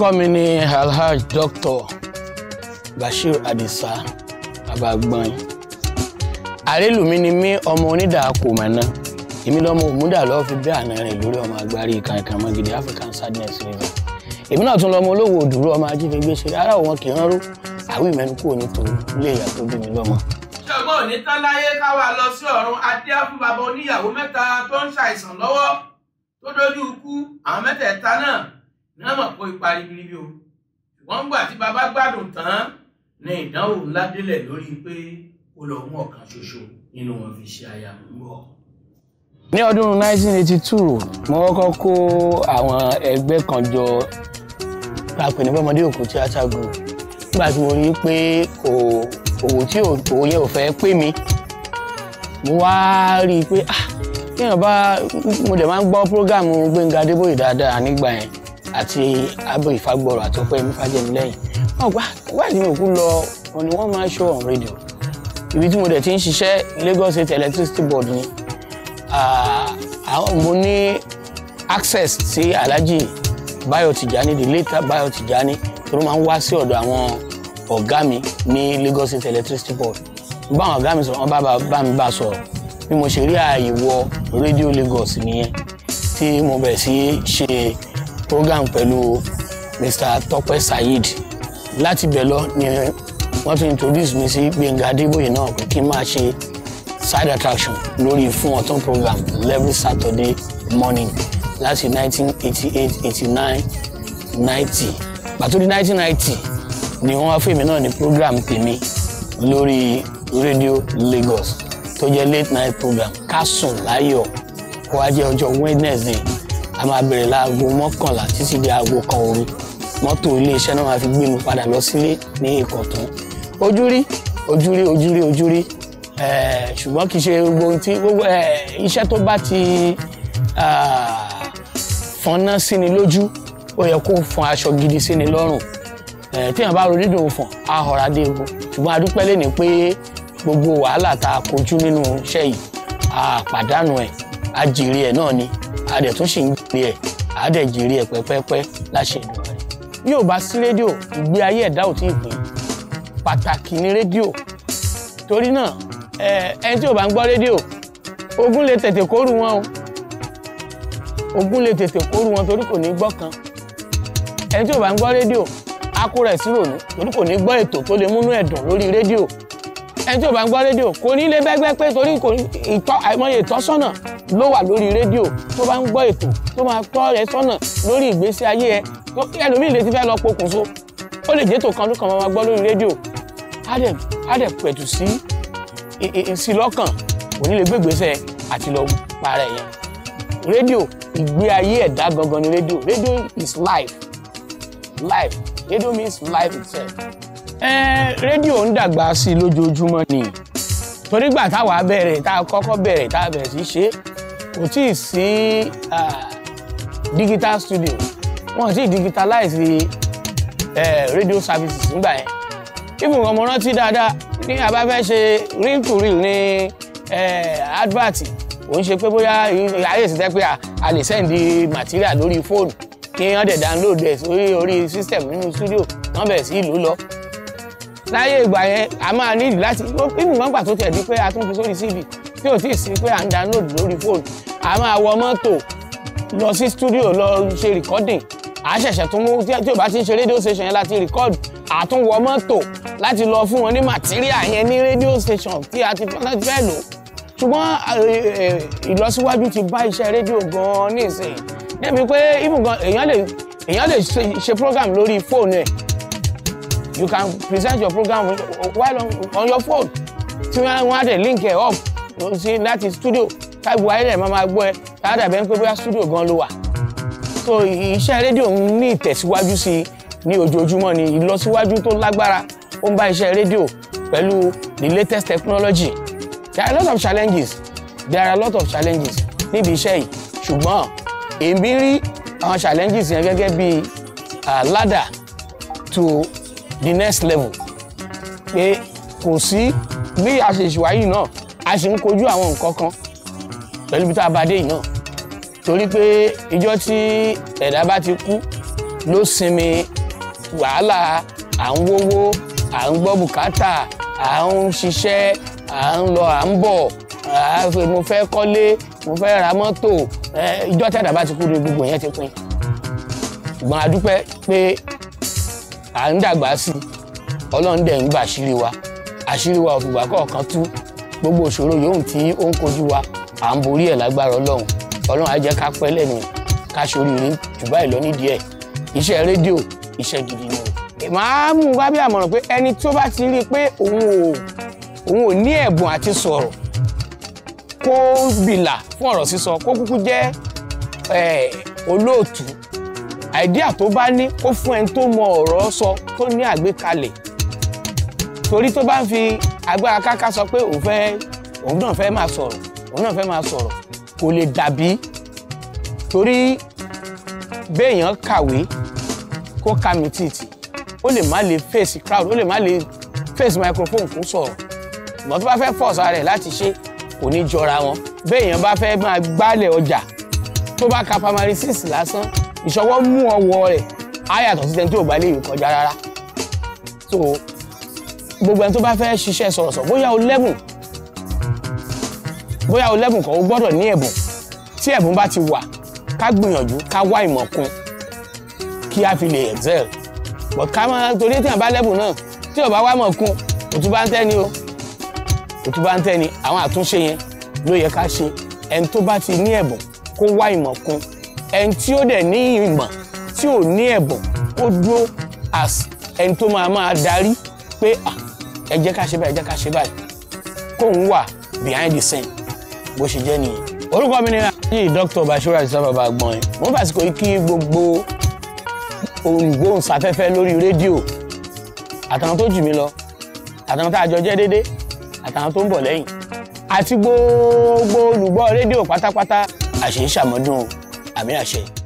orúkọ mi ni alhaj dr bashir adisa abagbọn arélùmí ni mí ọmọ onídàá kò mọ̀nà èmi lọ́mọ òmùdà lọ́ọ́ fi bẹ́ẹ̀ àná rìn lórí ọmọ agbárí kankan mọ́gidi african sadness river èmi náà tún lọ́mọ olówó òdúró ọmọ ajínigbé ṣe ara òun kì í rán ró àwí ìmẹ́nu kúrò nítorí ilé ìyá tó bí mi lọ́mọ. ṣọgbọ́n ò ní tán láyé káwa lọ sí ọ̀run adé fún bàbá oníyàwó mẹ́ta tó ń ṣàìsàn lọ́wọ́ tó dojú ikú àwọn mẹ́tẹ̀ẹ̀ta náà náà mọ̀ pé parí biribi o wọ́n gbà tí baba gbádùn tán ní ìdánwò ńlá délẹ̀ lórí pé ó lọ mú ọ̀kan ṣoṣo nínú wọn fi ṣe aya ńgbọ́. ní ọdún 1982 mo kọ́kọ́ kó àwọn ẹgbẹ́ kan jọ lápẹ̀ ní bọ́mọdé òkú tíátà group nígbà tí mo rí pé òwò tí òwò yẹn ò fẹ́ pè mí mo wá rí i pé ah kéèyàn bá mo dẹ̀ máa ń gbọ́ prógáàmù Gbénga Adébóyè dáadáa nígbà yẹn àti abo ìfagbọ̀rọ̀ àtọ́pẹ́ ìmúfàjẹmílẹ́yìn wọn gbà wà ní òkú lọ wọn ni wọ́n máa ṣó on radio ibi tí mo dẹ̀ ti ń ṣiṣẹ́ Lagos State Electricity Board ni ah, mo ní access sí Alhaji Bayo Tijani the later Bayo Tijani tó ló máa ń wá sí ọ̀dọ̀ àwọn ọ̀gá mi ní Lagos State Electricity Board bá àwọn ọ̀gá mi sọ̀rọ̀ wọ́n bá bá mi bá sọ̀rọ̀ bí mo ṣe rí ààyè wọ rédíò Lagos nìyẹn tí mo bẹ̀rẹ̀ sí ṣe program pẹ̀lú Mr. Tọ́pẹ́ Saheed láti bẹ̀ ni wọ́n ti introduce mi sí Gbẹ̀ngà Adébóyè náà pé kí n máa ṣe side attraction lórí fún ọ̀tún program every Saturday morning láti 1988 89 90 pàtó di 1990 ni wọ́n wá fèmí náà ní program tèmi lórí radio Lagos tó jẹ́ late night program ká sùn láyọ̀ kó wá ọjọ́ Wednesday tá a máa bẹ̀rẹ̀ láago mọ́kànlá títí di aago kan òru mọ́tò iléeṣẹ́ náà máa fi gbé mi padà lọ sílé ní ìkọ̀tún ojúrí ojúrí ojúrí ojúrí ṣùgbọ́n kì í ṣe gbogbo ohun tí gbogbo iṣẹ́ tó bá ti fọnná sí ni lójú ó yẹ kó fọn aṣọ gidi sí ni lọ́rùn téèyàn bá ronú ìdùnnú fọn á họra dé epo ṣùgbọ́n adúpẹ́ lè ní pé gbogbo wàhálà tá a kojú nínú iṣẹ́ yìí a pàdánù ẹ̀ a ẹ̀ náà ni adẹ̀ tún sì ń jèrè ẹ̀ adẹ̀ jèrè ẹ̀ pẹ́pẹ́pẹ́ láṣẹ Èdùmàrè. bí ò bá sí rédíò ìgbé ayé ẹ̀dá ò tí ì pé pàtàkì ni rédíò torí náà ẹni tí ò bá ń gbọ́ rédíò ogun lè tètè kóru wọn o ogun lè tètè kóru wọn torí kò ní gbọ́ kan ẹni tí ò bá ń gbọ́ rédíò á kó rẹ̀ sí rònú torí kò ní gbọ́ ètò tó lè múnú ẹ̀dùn lórí rédíò ẹni tí ò bá ń gbọ́ rédíò kò ní lè bẹ́gbẹ́ pé torí kò ní ìtọ́ àìmọye ìtọ́sọ́nà ló wà lórí rédíò tó bá ń gbọ́ ètò tó máa tọ́ ẹ sọ́nà lórí ìgbésí ayé ẹ tó ẹlòmíì lè ti fẹ́ lọ pokùnso ó lè jẹ́tò kan ló kàn máa gbọ́ lórí rédíò á dẹ̀ á dẹ̀ pẹ̀tù sí ìsí lọ́kàn kò ní lè gbégbèsè àti lọ para ẹ̀yẹn rédíò ìgbé ayé ẹ̀dá gangan ni rédíò rédíò is life life rédíò means life itself rédíò ń dàgbà sí i lójoojúmọ́ ni torígbà táwa bẹ̀rẹ̀ tá a kọ́kọ́ bẹ̀rẹ̀ tá a bẹ̀rẹ̀ sí í ṣe é kò tí ì sí digital studio wọn ti digitalize the radio services nígbà yẹn ibùn ọmọ rántí dáadáa ní àbá fẹ́ ṣe reel to real ní advert ò ń ṣe pé bóyá ayé ìsìtẹ́ pé a lè send material lórí fóònù kí wọ́n dẹ̀ download ẹ̀ sórí orí system nínú studio wọ́n bẹ̀rẹ̀ sí ìlú lọ. láyé ìgbà yẹn a máa nílò láti ibùn gbọ́ngbà tó tẹ̀ di pé a tún fi sórí cv tí ò tíì sí pé à ń download lórí fóònù a máa wọ mọ́tò lọ sí studio lọ ṣe recording a ṣẹ̀ṣẹ̀ tún mú tí ò bá ti ń ṣe rédíò station yẹn láti record àtúnwọ mọ́tò láti lọ fún wọn ní màtíríà yẹn ní radio station tí a ti fẹ́ lò ṣùgbọ́n ìlọsíwájú ti bá iṣẹ́ rédíò gan-an ní ìsìn débi pé ibùgàn èèyàn lè èèyàn lè ṣe program lórí fóònù ẹ̀ you can present your program while on, on your phone tí wọ́n á dẹ̀ link ẹ̀ up sí láti studio káàbù ayẹlẹ máa máa gbọ́ ẹ káàdà bẹ ń pé bóyá studio gan ló wà so iṣẹ́ rédíò ń ní ìtẹ̀síwájú sí i ní ojoojúmọ́ ni ìlọsíwájú tó lágbára ó ń bá iṣẹ́ rédíò pẹ̀lú the latest technology there are a lot of challenges there are a lot of challenges níbi iṣẹ́ yìí ṣùgbọ́n èmi rí àwọn challenges yẹn gẹ́gẹ́ bí ladder to the next level pé kò sí bí a ṣe ṣùwáyé náà a sì ń kojú àwọn nǹkan kan pẹ̀lú bí tá a bá dé yìí náà torí pé ìjọ tí ẹ̀dá bá ti kú ló sinmi wàhálà à ń wówó à ń gbọ́ bùkátà à ń ṣiṣẹ́ à ń lọ à ń bọ̀ mo fẹ́ kọ́lé mo fẹ́ ra mọ́tò ìjọ tí ẹ̀dá bá ti kú ni gbogbo yẹn ti pin ṣùgbọ́n a dúpẹ́ pé à ń dàgbà sí ọlọ́run dẹ̀ ń gbà àṣírí wa àṣírí wa òfìgbà kọ̀ọ̀kan tú gbogbo ìṣòro yòówù tí ó ń kojú wa à ń borí ẹ̀ lágbára ọlọ́run ọlọ́run á jẹ́ ká pẹ́ lẹ́nu ká ṣoríire jù báyìí lọ nídìí ẹ̀ iṣẹ́ rédíò iṣẹ́ gidi ni o. màá mú wá bí àmọ̀ràn pé ẹni tó bá ti rí i pé òun ò òun ò ní ẹ̀bùn àti sọ̀rọ̀ kó bìlà fún ọ̀rọ̀ sísọ kó kúkú jẹ́ olóòtú àìdíà tó bá ní kó fún ẹni tó mọ ọ̀rọ̀ sọ tó ní àgbékalẹ̀ torí tó bá ń fi agbára káká sọ pé òun fẹ́ òun náà fẹ́ máa sọ̀rọ̀ òun náà fẹ́ máa sọ̀rọ̀ kò lè dàbí torí béèyàn kàwé kó ka mi tìtì ó lè má lè face crowd ó lè má lè face microphone kó sọ̀rọ̀ ṣùgbọ́n tó bá fẹ́ force ara rẹ̀ láti ṣe kò ní jọra wọn béèyàn bá fẹ́ máa gbálẹ̀ ọjà tó bá ka primary six lásán ìṣọwọ́ mú ọwọ́ rẹ̀ á yàtọ̀ sí tẹ́ni tí ò bá lè kọjá rárá gbogbo ẹni tó bá fẹ́ ṣiṣẹ́ sọ̀rọ̀sọ̀ bóyá o lẹ́bùn bóyá o lẹ́bùn kan o gbọ́dọ̀ ní ẹ̀bùn tí ẹ̀bùn bá ti wà ká gbìyànjú ká wá ìmọ̀ kún kí a fi lè excel but ká máa torí tí wọ́n bá lẹ́bùn náà tí wọ́n bá wá mọ̀ kún òtún bá ń tẹ́ni o òtún bá ń tẹ́ni àwọn àtúnṣe yẹn ló yẹ ká ṣe ẹni tó bá ti ní ẹ̀bùn kó wá ìmọ̀ kún ẹni tí ó dẹ̀ ní ìmọ̀ tí ò ní ẹ̀bùn kó dúró as ẹni tó máa máa darí pé ah ẹ jẹ́ ká ṣe báyìí ẹ jẹ́ ká ṣe báyìí kóun wà behind the scene bó ṣe jẹ́ nìyẹn. orúkọ mi ni ayé dr bashir àdìsá bàbá àgbọ̀n yìí mo fàsìkò yìí kí gbogbo olùgbóhùnsáfẹ́fẹ́ lórí rédíò àtàwọn tó jù mí lọ àtàwọn tá a jọ jẹ́ déédéé àtàwọn tó ń bọ̀ lẹ́yìn àti gbogbo olùgbọ́ rédíò pátápátá àṣẹ ìṣàmọ́dún àmì àṣẹ.